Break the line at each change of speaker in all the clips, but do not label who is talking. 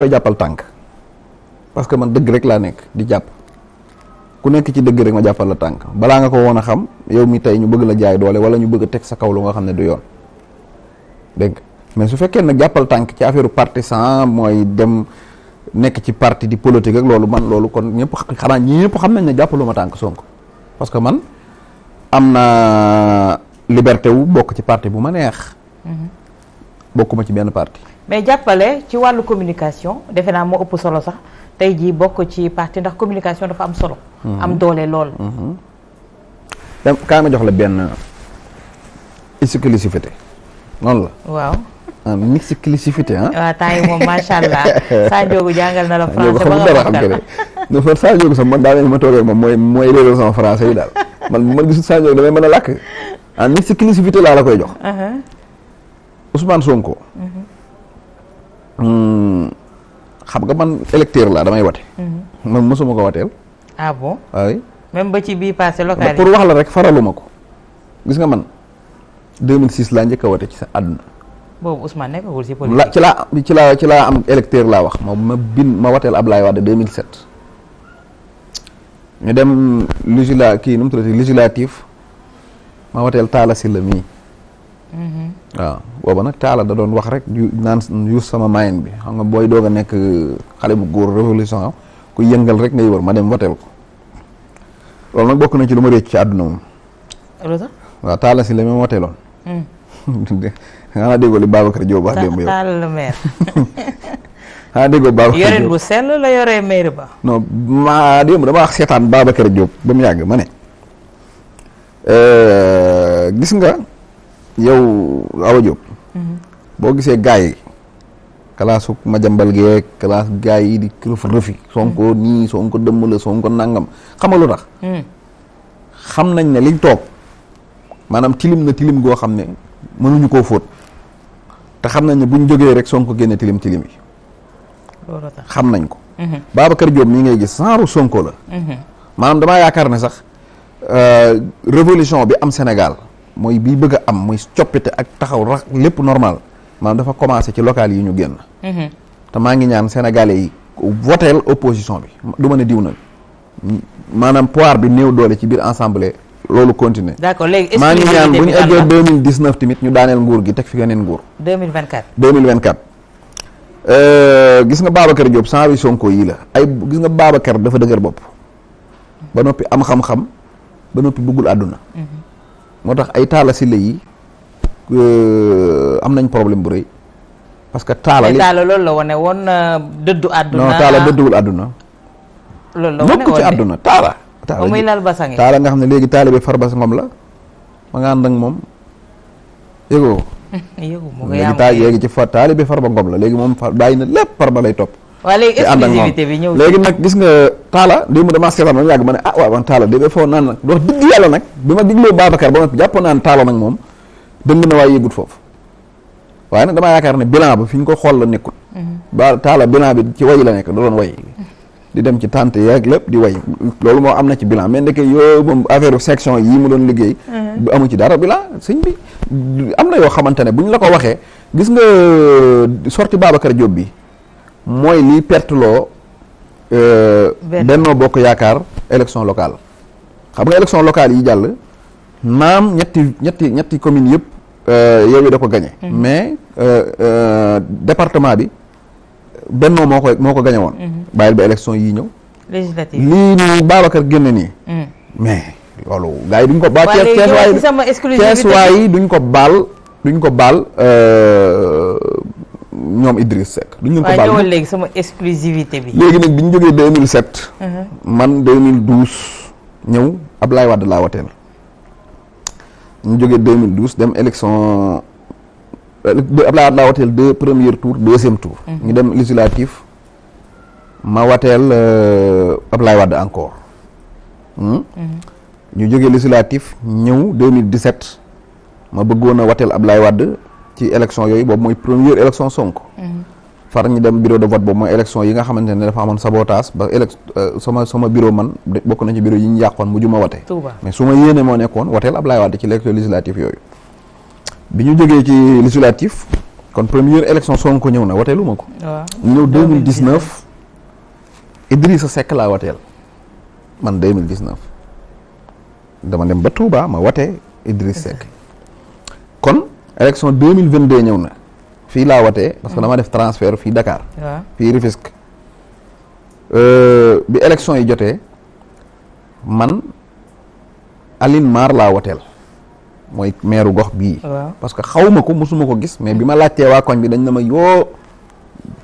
koy jàppal tànk parce que man dëgg rek laa nekk di jàpp ku nekk ci dëgg ma jàppal tànk balaa nga ko woon a xam yow mi tey ñu bëgg la jaay doole wala ñu bëgg a sa kaw lu xam ne du yoon mais su fekkee nag jàppal tànk ci affaire partisan mooy dem nekk ci parti di politique ak loolu man loolu kon ñëpp xanaa ñëpp xam nañ ne ma tànk Sonko parce que man am na liberté wu bokk ci parti bu ma neex. Mm-hmm. bokkuma ci benn parti.
mais jàppale ci wàllu communication defe naa moo ëpp solo sax tey jii bokk ci parti ndax communication dafa am solo.
Mhm. am doole lool. Mhm. dem kaay ma jox la benn cyclicité noonu la. waaw. ah mixte cyclicité ah.
waaw moom macha allah Sadio Gu jàngal na la français ba nga dara
xam nga ne man Sadio Gu sax man daa mel ma toogee moom mooy mooy réeral sama français yi daal man man gisul Sadio damay mën a làkk ah mixte cyclicité laa la koy jox. Uh-huh. Ousmane Sonko. Hmm. xam nga man électeur laa damay wate. Mhm. man mosuma ko wateel.
Ah pour wax la
rek faraluma ko. gis nga man laa njëkk a wate ci sa àdduna.
boobu Ousmane nekkagul ci politique. la ci laa
ci laa ci laa am électeur laa wax ma ma bin ma wateel Ablaye Wade 2007. ñu dem législa kii nu mu législatif ma wateel Talla Sylla mii. waaw booba nag taala da doon wax rek naan yu sama mayen bi xam nga booy doog a nekk uh, xale bu góor révolution ku yëngal rek ngay wër ma dem woteel ko bokk na ci lu ma réccu ci àdduna
moom
si la ma woteeloon hmm. xanaa déggoo li Babacar Diop wax démb ba seetaan Babacar Diop ba mu yàgg ma ne euh, gis nga yow Awa Diop. boo gisee gars yi kalaasu Madiambal Guèye kalaasu gars yi di kilif rëfi Sonko mm-hmm. nii Sonko dëmm la Sonko nangam xam tax. Mm. xam nañ ne liñ toog maanaam tilim na tilim goo xam ne mënuñu koo fóot te xam nañ ne buñ jógee rek Sonko génne tilim tilim yi. xam nañ ko. Mm-hmm. Babacar Diop mii ngay gis saaru Sonko la. Mm-hmm. maanaam damaa yaakaar ne sax euh, révolution bi am Sénégal. mooy bii bëgg a am muy coppite ak taxaw rax lépp normal maanaam dafa commencé ci local yi ñu génn. Mhm. te maa ngi ñaan sénégalais yi voteel opposition bi du mën diw nag maanaam pouvoir bi néew doole ci biir assemblée loolu continuer
d'accord léegi maa ngi ñaan bu ñu eggee
2019 tamit ñu daaneel nguur gi teg fi geneen nguur.
2024
2024. Euh, gis nga Babacar Diop sans Sonko yii la ay gis nga Babacar dafa dëgër bopp ba noppi am xam-xam ba noppi bëggul àdduna. Mhm. moo tax ay taala si lay yi euh, am nañ problème bu rëy parce que taala li taala
loolu la wane woon euh,
dëddu àdduna non taala dëdduwul àdduna
loolu la wane woon ci àdduna
taala taala muy lal basange taala nga xam ne léegi taala bi far basangom la ma nga ànd moom yëgoo
yëgu léegi taal yéegi
ci fa taali far ba ngom la léegi moom far bàyyi na lépp far ba lay topp
waa léegi exclusivité ñëw léegi
nag gis nga taala lii mu dama seetaan moom yàgg ma ne ah waaw man taala dégg nga foo naan nag wax dëgg yàlla nag bi ma digloo Babacar ba ma jàppoon naan taala nag moom dëng na waaye yëgut foofu waaye nag damaa yaakaar ne bilan ba fi ñu ko xool la nekkul mhm. ba taala bilan bi ci way la nekk da doon way di dem ci tante yeeg lépp di way loolu moo am na ci bilan mais ndeke yoo moom affaire section yi mu doon liggéey bu mhm. amu ci dara bilan sëñ bi am na yoo xamante ne bu ñu la ko waxee gis nga euh, sorti Babacar Diop bi mooy liy perteloo euh, Benno Bokk Yaakaar élection locale xam nga élection locale yi jàll naam ñetti ñetti ñetti communes yëpp euh, Yewwi da ko gañe mhm. mais euh, département bi Benno moo ko moo ko gañe woon mhm. bàyyil ba élection yii ñëw
lii
nii Babacar génn nii mhm. mais loolu gars yi duñ ko baal duñ ko baal ñoom Idriss Seck. duñ leen ko baal waaye
léegi sama exclusivité bi. léegi nag bi ñu jógee 2007. Mhm.
man 2012 ñëw Ablaye Wade laa wateel. ñu jógee 2012 dem élection euh, Ablaye Wade laa wateel deux premier tour deuxième tour. Mhm. ñu dem législatif ma wateel euh, Ablaye Wade encore. Hmm? Mhm. ñu jógee législatif ñëw 2017 ma bëggoon a ab laay Wade. ci election yooyu boobu mooy première élection Sonko. far ñu dem biro de vote boobu mooy élection yi nga xamante ne dafa amoon sabotage ba élect euh, sama sama bureau man bokk nañ ci bureau yàqoon mu juma wote mais su ma yéene moo nekkoon woteel Ablaye Wade ci bi ñu jógee ci législatif kon première élection Sonko ñëw na woteelu ma ko ñu ñëw 2019 Idrissa Seck laa woteel man 2019 dama dem ba Touba ma wote Idrissa Seck kon élection deux mille vingt deux ñëw na fii laa watee parce que mm. dama def transfert fii Dakar. waaw fii Rufisque. Euh, bi élection yi jotee man Aline Mar laa wateel mooy mairu gox bii. parce que xaw ma ko mosuma ko gis mais bi ma laajtee waa koñ bi dañ na ma yoo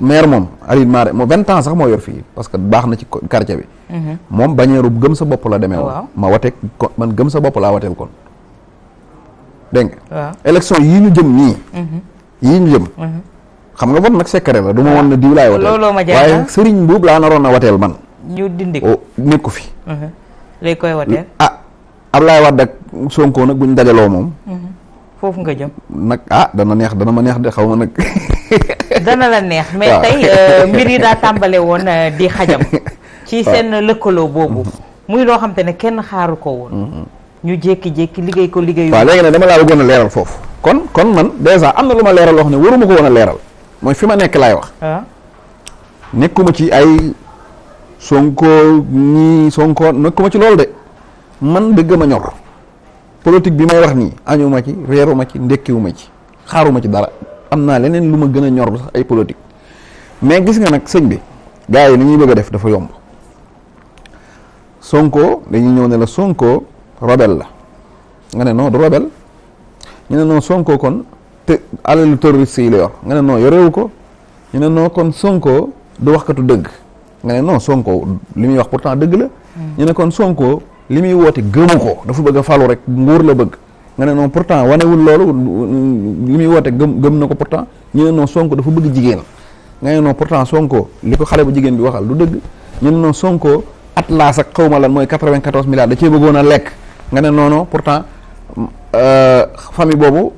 maire moom Aline Mar moo vingt ans sax moo yor fii parce que baax na ci quartier bi. Mm-hmm. moom bañeeru gëm sa bopp la demee woon. ma wateeg man gëm sa bopp laa wateel kon. dégg nga. waaw élection yii ñu jëm nii. Mhm. yii ñu jëm. Mhm. xam nga bon nag secret la du ma ah. woon ne diw laay wateel. looloo ma jaaxal waaye sëriñ boobu laa naroon a wateel man. ñu dindi ko oh, nekku fi.
Mhm. lay koy wateel
ah Ablaye Wade ak Sonko nag buñ dajaloo moom. foofu nga jëm. nag a ah, dana neex dana ma neex de xaw ma nag.
dana la neex mais tey euh, mbir yi daa tàmbale woon euh, di xajam. ci seen lëkkaloo boobu. muy loo xam te ne kenn xaaru ko woon. ñu jékki-jékki liggéey ko liggéey. waaw léegi nag dama laa bëggoon a
leeral foofu. kon kon man dèjà am na lu ma leeral wax ne waruma ko woon a leeral mooy fi ma nekk laay wax. Ah. nekkuma ci ay sonko ñii sonko nekkuma ci loolu de man dëgg ma ñor politique bi may wax nii añuma ci reeruma ci ndekkiwuma ci xaaruma ci dara am naa leneen lu ma gën a ñor sax ay politique mais gis nga nag sëñ bi gars yi ni ñuy bëgg a def dafa yomb sonko dañuy ñëw ne la sonko. rebelle la nga ne non du rebelle ñu ne non Sonko kon te alalu terroriste yi la yor nga ne non yorewu ko ñu ne kon Sonko du waxkatu dëgg nga ne non Sonko li muy wax pourtant dëgg la. ñu ne kon Sonko li muy woote gëmu ko dafa bëgg a rek nguur la bëgg. nga ne non pourtant wanewul loolu li muy woote gëm gëm na ko pourtant ñu ne non Sonko dafa bëgg jigéen nga ne non pourtant Sonko li ko xale bu jigéen bi waxal du dëgg ñu ne non Sonko atlas ak xawma lan mooy 94 milliards da cee bëggoon a lekk. nga ne non non pourtant euh, famille boobu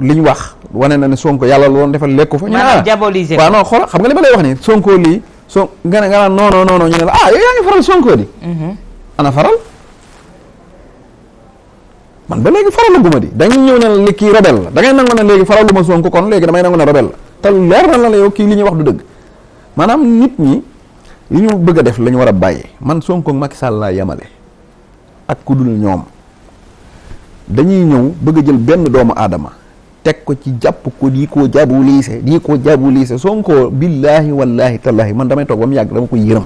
li ñu wax wane na ne Sonko yàlla loon defal lekku fa. ñu ah diaboliser waaw xam nga li ma lay wax nii Sonko lii so nga ne nga naan non non non ñu ne la ah yow yaa faral Sonko di. Mhm. ana faral. man ba léegi faralaguma di dañuy ñëw ne li kii rebelle la da ngay nangu ne léegi faraluma Sonko kon léegi damay nangu ne rebelle la leer na la yow kii li ñuy wax du dëgg maanaam nit ñi li ñu bëgg a def lañu war a bàyyi man Sonko ak Macky Sall laa yemale dañuy ñëw bëgg jël benn doomu aadama teg ko ci jàpp ko di ko jabu liise di ko jabu liise Sonko billaahi wallaahi tallaahi man damay toog ba mu yàgg dama koy yërëm.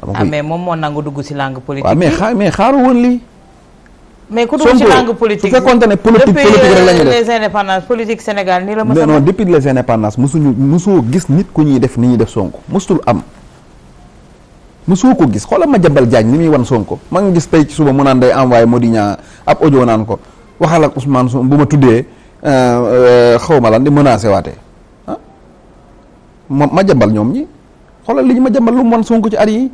dama koy ah
mais moom moo nangu dugg ci langue politique waaw mais
xaar mais xaaru woon lii.
mais ku dugg ci langue politique su fekkoon ne politique politique la ñuy euh, def depuis les Sénégal nii la. mos
non mosuñu mosoo gis nit ku ñuy def ni ñuy def Sonko mosutul am. mosoo ko gis xoolal ma jambal Diagne li muy wan Sonko ma nga gis tey ci suba mu naan day envoyé Mody Niang ab audio naan ko waxal ak Ousmane Sonko bu ma tuddee euh, xaw ma lan di menacé waatee ah ma ma jambal ñoom ñi xoolal li ñu ma jambal lu mu wan Sonko ci at yi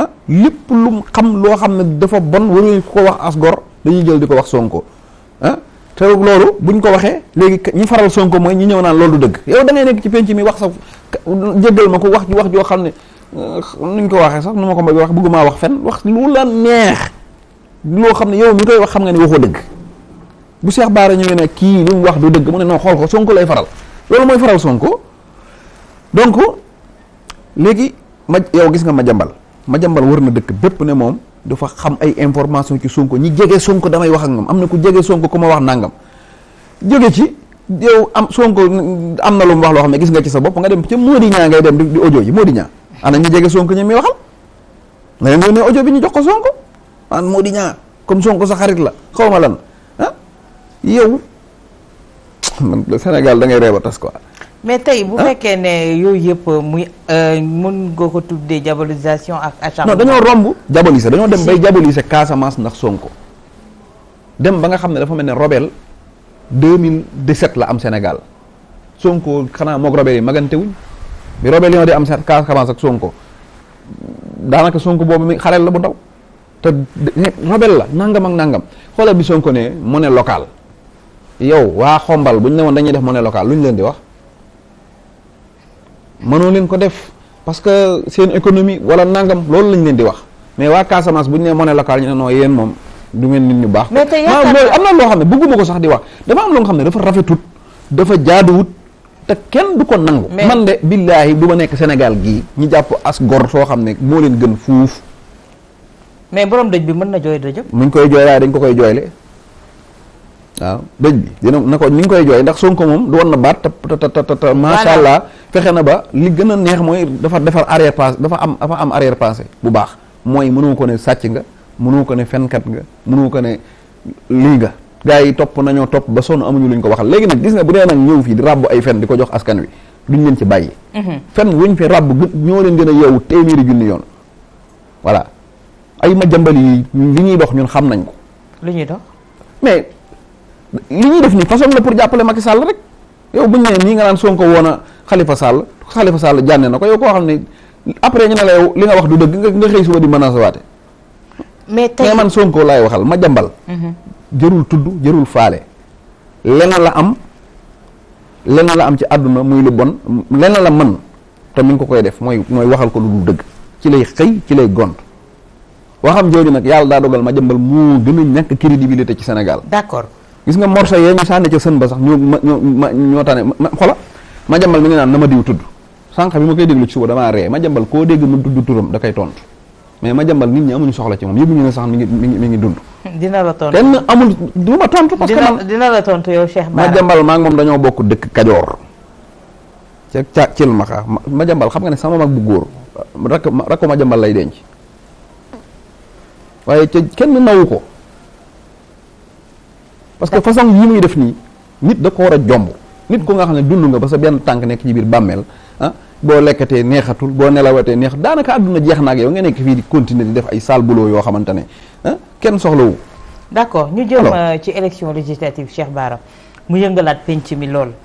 ah lépp lu mu xam loo xam ne dafa bon waruñu ko wax as gor dañuy jël di ko wax Sonko ah te loolu ñu ko waxee léegi ñi faral Sonko mooy ñi ñëw naan loolu du dëgg yow da ngay nekk ci penc mi wax sa jéggal ma ko wax ju wax joo xam ne. nuñ ko waxee sax nu ma ko mbay wax bëgguma wax fen wax lu la neex loo xam ne yow mi koy wax xam nga ne waxoo dëgg bu Cheikh Bara ñëwee ne kii li mu wax du dëgg mu ne non xool ko Sonko lay faral loolu mooy faral Sonko donc léegi ma yow gis nga ma jambal ma jambal wër na dëkk bépp ne moom dafa xam ay information ci Sonko ñi jege Sonko damay wax ak ñoom am na ku jege Sonko ku ma wax nangam jóge ci yow am Sonko am na lu mu wax loo xam ne gis nga ci sa bopp nga dem ca Mody Niang yi Mody Niang ana ñu jege sonk ñu muy waxal na leen yónnee audio bi ñu jox ko Sonko man moo di ñaa comme Sonko sa xarit la xaw ma lan ah yow Sénégal dangay ngay reeba tas quoi.
mais tey bu ah? fekkee ne yooyu yëpp muy euh, mun nga ko tuddee diabolisation ak acharnement. dañoo romb
diaboliser dañoo dem bay diaboliser Casamance ndax Sonko dem ba nga xam ne dafa mel ne Robel 2017 la am Sénégal Sonko xanaa moog Robel yi magante wuñ bi rébellion di am Casamance ak Sonko daanaka Sonko boobu mi xareel la bu ndaw te rebelle la nangam ak nangam xoolal bi Sonko ne monnaie locale yow waa xombal bu ñu ne woon dañuy def monnaie locale lu ñu leen di wax mënoo leen ko def parce que seen économie wala nangam loolu lañ leen di wax mais waa Casamance bu ñu ne monnaie locale ñu ne noo yéen moom du ngeen nit ñu baax. mais am na loo xam ne bëgguma ko sax di wax dafa am loo xam ne dafa rafetut dafa jaaduwut. te kenn du ko nangu. man de billaahi du ma nekk Sénégal gii ñu jàpp as gor soo xam ne moo leen gën fuuf.
mais borom dëj bi mën na jooy dëjëm.
mu ngi koy jooy waaye dañ ko koy jooyle waaw dëj bi dina na ko ñu ngi koy jooy ndax Sonko moom du woon na baat te te te te macha allah fexe na ba li gën a neex mooy dafa defar arrière pensée dafa am dafa am arrière pensée bu baax mooy mënoo ko ne sàcc nga mënoo ko ne fenkat nga mënoo ko ne lii nga. gars yi topp nañoo topp ba sonn amuñu luñ ko waxal léegi nag gis nga bu dee nag ñëw fii di ràbb ay fen di ko jox askan wi duñ leen ci bàyyi mhm. fen wuñ fi ràbb gë ñoo leen gën a yeewu téeméeri junni yoon voilà ay ma jambal yi li ñuy dox ñun xam nañ ko li ñuy dox mais li ñuy def ni façon la jàppale Macky Sall rek yow buñu nee nga naan Sonko woon a Khalifa Sall Khalifa Sall jànne na ko yow koo xam ne après ñu ne la yow li nga wax du dëgg nga xëy suba di menacer waate mais man Sonko laay waxal ma jambal mhm. jërul tudd jërul faale lenn la am lenn la am ci àdduna muy lu bon lenn la man te mi ngi ko koy def mooy mooy waxal ko lu dul dëgg ci lay xëy ci lay gont waxam jooju nag yàlla daa dogal ma jëmbal moo gën a ñàkk crédibilité ci Sénégal. d'accord gis nga morso yee ñu sànni ca sën ba sax ñoo ma ñoo ma tane ma xola ma jëmbal mi ngi naan na ma diw tudd sànq bi ma koy déglu ci suba damaa ree ma jëmbal koo dégg ma tudd turam da koy tontu. mais ma jambal nit ñi amuñu soxla ci moom yëpp ñu ne sax mi ngi mi ngi mi ngi dund.
dina la tontu kenn
amul du ma
tontu. parce que dina ma
jàmbal maa moom dañoo bokk dëkk Kajoor. ca ca Thiel ma xaa ma jambal xam nga ne sama mag bu góor rakk rakko ma jàmbal lay denc waaye ca kenn nawu ko. parce que façon yi muy def nii nit da ko war a jomb nit ko nga xam ne dund nga ba sa benn tànk nekk ci biir bàmmeel ah, boo lekkatee neexatul boo nelawatee neexatul daanaka àdduna jeex na ak yow nga nekk fii di continuer di def ay sale boulot yoo xamante ne kenn soxlawu
d'accord ñu jëm euh, ci élection législative Cheikh Bara mu yëngalaat penc mi lool